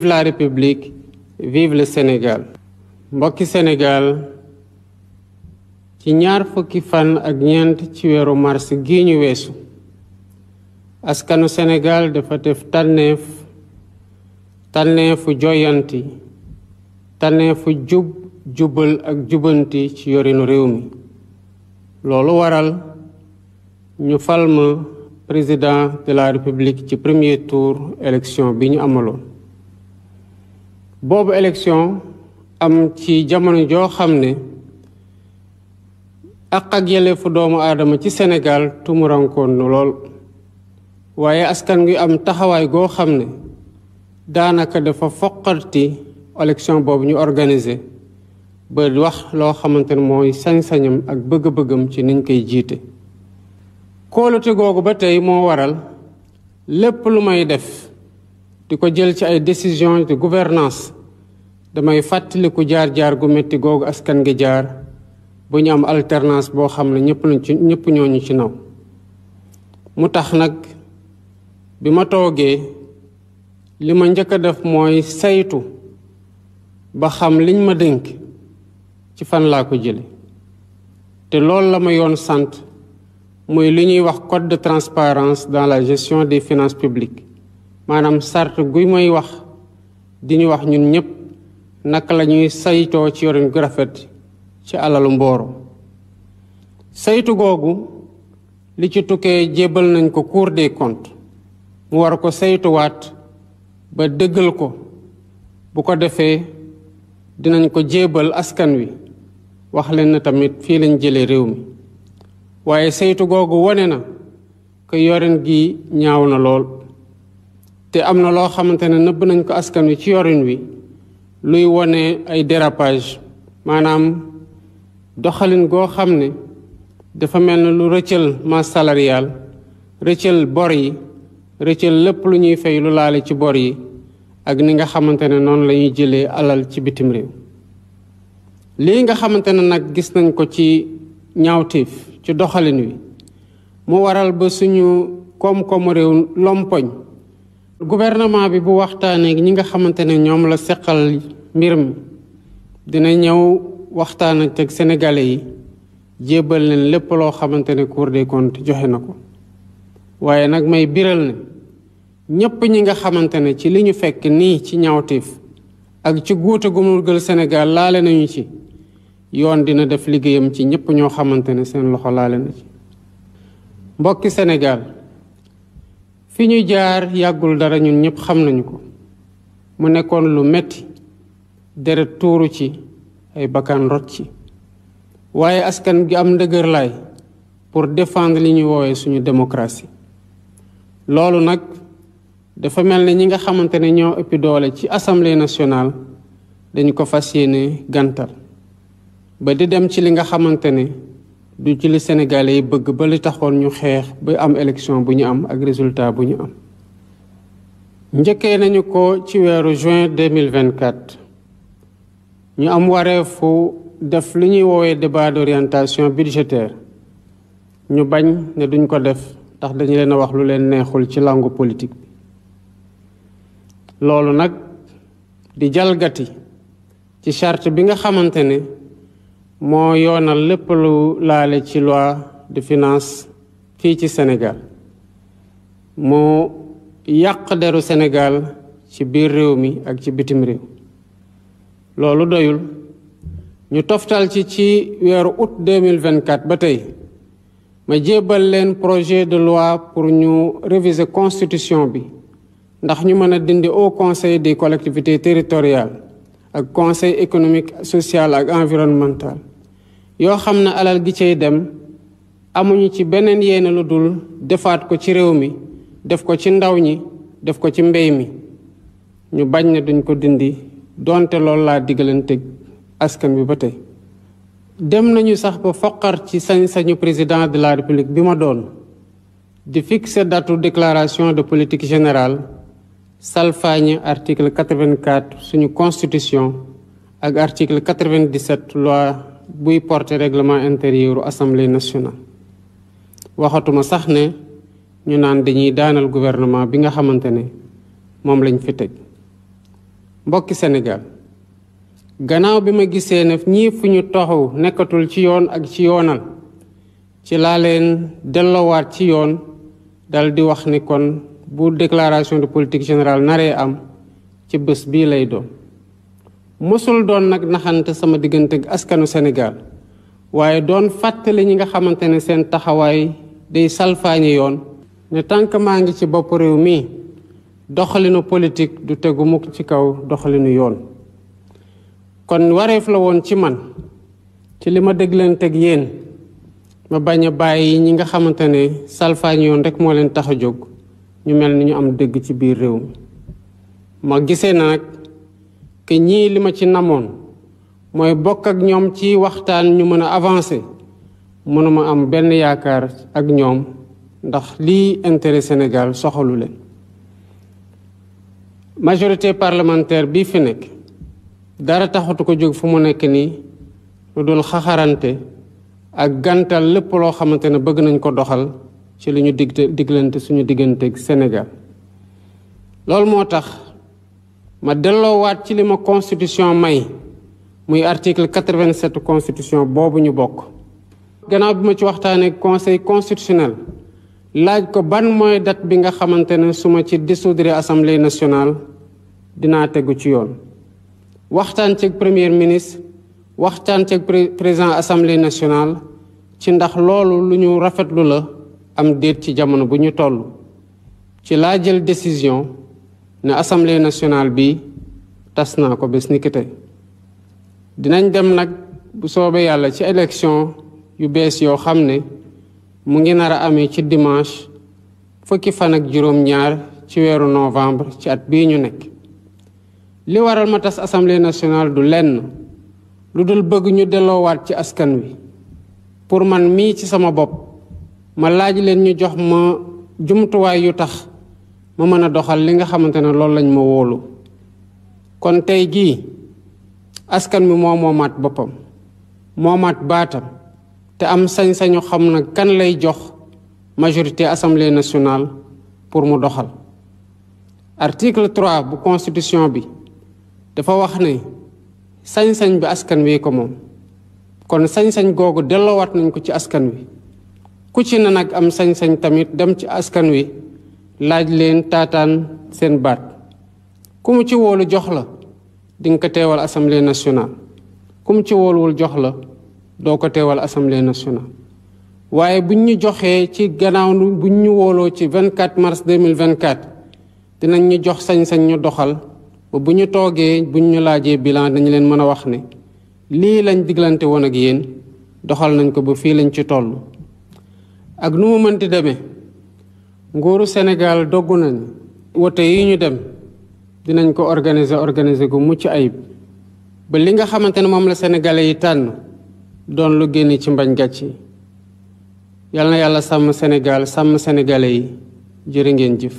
la république vive mbokki sénégal ci ñaar fukki fan ak ñeent ci weeru mars gi ñu weesu askanu sénégal dafa def tànneef tànneefu joyanti tànneefu jub jubal ak jubanti ci yorinu réew mi loolu waral ñu fal ma président de la république ci premier tour élection bi ñu amaloon boobu élection am ci jamono joo xam ne ak ak yelleefu doomu aadama ci senegaal tumurankoon na lool waaye askan wi am taxawaay goo xam ne daanaka dafa foqarti élection boobu ñu organiser ba wax loo xamante ne mooy sañ-sañam ak bëgg-bëggam ci niñ koy jiite kóolute googu ba tey moo waral lépp lu may def di ko jël ci ay décision de gouvernance damay fàttaliku jaar-jaar gu métti googu askan gi jaar bu ñu am alternance boo xam ne ñëpp lañ ci ñëpp ñooñu ci naw mu tax nag bi ma toogee li ma njëkk a def mooy saytu ba xam liñ ma dénk ci fan laa ko jële te loolu la ma yoon sant mooy li ñuy wax code de transparence dans la gestion des finances publiques maanaam sart guy may wax di ñu wax ñun ñëpp naka la ñuy saytoo ci yorin gu rafet ci alalu mbooru saytu googu li ci tukkee jébbal nañ ko Cour de kont mu war ko saytuwaat ba dëggal ko bu ko defee dinañ ko jébbal askan wi wax leen na tamit fii lañ jëlee réew mi waaye saytu googu wone na ko yorin gi ñaaw na lool te am na loo xamante ne nëbb nañ ko askan wi ci yorin wi luy wone ay dérapage maanaam doxalin goo xam ne dafa mel ne lu rëccal masse salariale rëccal bor yi rëccal lépp lu ñuy fay lu laale ci bor yi ak ni nga xamante ne noonu la ñuy jëlee alal ci bitim réew lii nga xamante ne nag gis nañ ko ci ñaawteef ci doxalin wi mu waral ba suñu koom-koomu réew lompoñ gouvernement bi bu waxtaanee ñi nga xamante ne ñoom la seqal mbir mi dina ñëw waxtaan ak teg sénégalais yi jébbal leen lépp loo xamante ne Cour des comptes joxe na ko waaye nag may biral ne ñépp ñi nga xamante ne ci li ñu fekk nii ci ñaawteef ak ci guute gu mu gël Sénégal laale nañu ci yoon dina def liggéeyam ci ñépp ñoo xamante ne seen loxo laale na ci mbokki senegal fi ñu jaar yàggul dara ñun ñëpp xam nañu ko mu nekkoon lu metti deret tuuru ci ay bakkan rot ci waaye askan gi am ndëgër ndëgërlaay pour défendre li ñuy woowe suñu démocratie loolu nag dafa mel ne ñi nga xamante ne ñoo ëpp doole ci assemblée nationale dañu ko fas yéene gàntal ba di dem ci li nga xamante ne du ci li Sénégalais yi bëgg ba li taxoon ñu xeex ba am élection bu ñu am ak résultat bu ñu am njëkkee nañu ko ci weeru juin 2024 ñu am wareefu def li ñuy woowee débat d'orientation budgétaire ñu bañ ne duñ ko def ndax dañu leen a wax lu leen neexul ci langue politique loolu nag di jalgati ci charte bi nga xamante ne moo yoonal lépp lu laale ci loi de finance fii ci senegal mu yàq deru Sénégal ci biir réew mi ak ci bitim réew loolu doyul ñu toftal ci ci weeru août 2024 ba tey ma jébbal leen projet de loi pour ñu réviser constitution bi ndax ñu mën a dindi au conseil des collectivités territorial ak conseil économique sociale ak environnemental yoo xam ne alal gi cay dem amuñu ci beneen yéene lu dul defaat ko ci réew mi def ko ci ndaw ñi def ko ci mbéy mi ñu bañ ne duñ ko dindi donte loolu laa digalanteeg askan bi ba tey dem nañu sax ba foqar ci sañ-sañu président de la république bi ma doon di fixer datu déclaration de politique générale salfaañi article 84 suñu constitution ak article 97 loi buy porter règlement intérieur assemblée nationale waxatuma sax ne ñu naan dañuy daanal gouvernement bi nga xamante ne moom lañ fi teg mbokki Sénégal gannaaw bi ma gisee ne ñii fu ñu taxaw nekkatul ci yoon ak ci yoonal ci laa leen delloowaat ci yoon dal di wax ni kon bu déclaration de politique générale naree am ci bés bii lay doom mësul doon nag naxante sama diggante ak askanu senegaal waaye doon fàttali ñi nga xamante ne seen taxawaay day salfaañi yoon ne tànk maa ngi ci bopp réew mi doxalinu politique du tegu mukk ci kaw doxalinu yoon kon wareef la woon ci man ci li ma déglanteeg yeen ma bañ a bàyyi ñi nga xamante ne salfaañi yoon rek moo leen tax a jóg ñu mel ni ñu am dégg ci biir réew mi ma gisee na nag que ñii li ma ci namoon mooy bokk ak ñoom ci waxtaan ñu mën a avancé mënuma am benn yaakaar ak ñoom ndax lii intérêt Sénégal soxalu majorité parlementaire bi fi nekk dara taxatu ko jóg fu mu nekk nii lu dul xaxarante ak gantal lépp loo xamante ne bëgg nañ ko doxal ci li ñu dig diglante suñu digganteeg Sénégal loolu moo tax ma delloowaat ci li ma constitution may muy article 87 constitution boobu ñu bokk. gannaaw bi ma ci waxtaanee conseil constitutionnel laaj ko ban mooy date bi nga xamante ne su ma ci dissoudre assemblée nationale dinaa tegu ci yoon. waxtaan ceeg premier ministre waxtaan ceeg président assemblée nationale ci ndax loolu lu ñu rafetlu la am déet ci jamono bu ñu toll ci laa jël décision. ne assemblée nationale bi tas naa ko bés ni ki dinañ dem nag bu soobee yàlla ci élection yu bees yoo xam ne mu ngi nar a amee ci dimanche fukki fan ak juróom-ñaar ci weeru novembre ci at bii ñu nekk li waral ma tas assemblée nationale du lenn lu dul bëgg ñu delloowaat ci askan wi pour man mii ci sama bopp ma laaj leen ñu jox ma jumtuwaay yu tax ma mën a doxal li nga xamante ne loolu lañ ma wóolu kon tey jii askan wi moo moomaat boppam moomaat baatam te am sañ-sañu xam na kan lay jox majorité assemblée nationale pour mu doxal article 3 bu constitution bi dafa wax ne sañ-sañ bi askan wi ko moom kon sañ-sañ googu delloowaat nañ ko ci askan wi ku ci na nag am sañ-sañ tamit dem ci askan wi laaj leen taataan seen baat ku ci woolu jox la di nga ko teewal assemblée nationale ku ci wooluwul jox la doo ko teewal assamble nationale waaye buñ ñu joxee ci gannaaw buñ ñu wooloo ci 24 mars 2024 dinañ ñu jox sañ-sañ ñu doxal ba bu ñu toogee buñ ñu laajee bilan dañu leen mën a wax ne lii lañ diglante woon ak yéen doxal nañ ko ba fii lañ ci toll ak nu mu mënti demee nguuru Sénégal dogg nañu wote yi ñu dem dinañ ko organiser organiser gu mucc ayib ba li nga xamante ne moom la sénégalais yi tànn doon lu génn ci mbañ gàcc yi yal na yàlla sàmm Sénégal sàmm sénégalais yi jërë ngeen jëf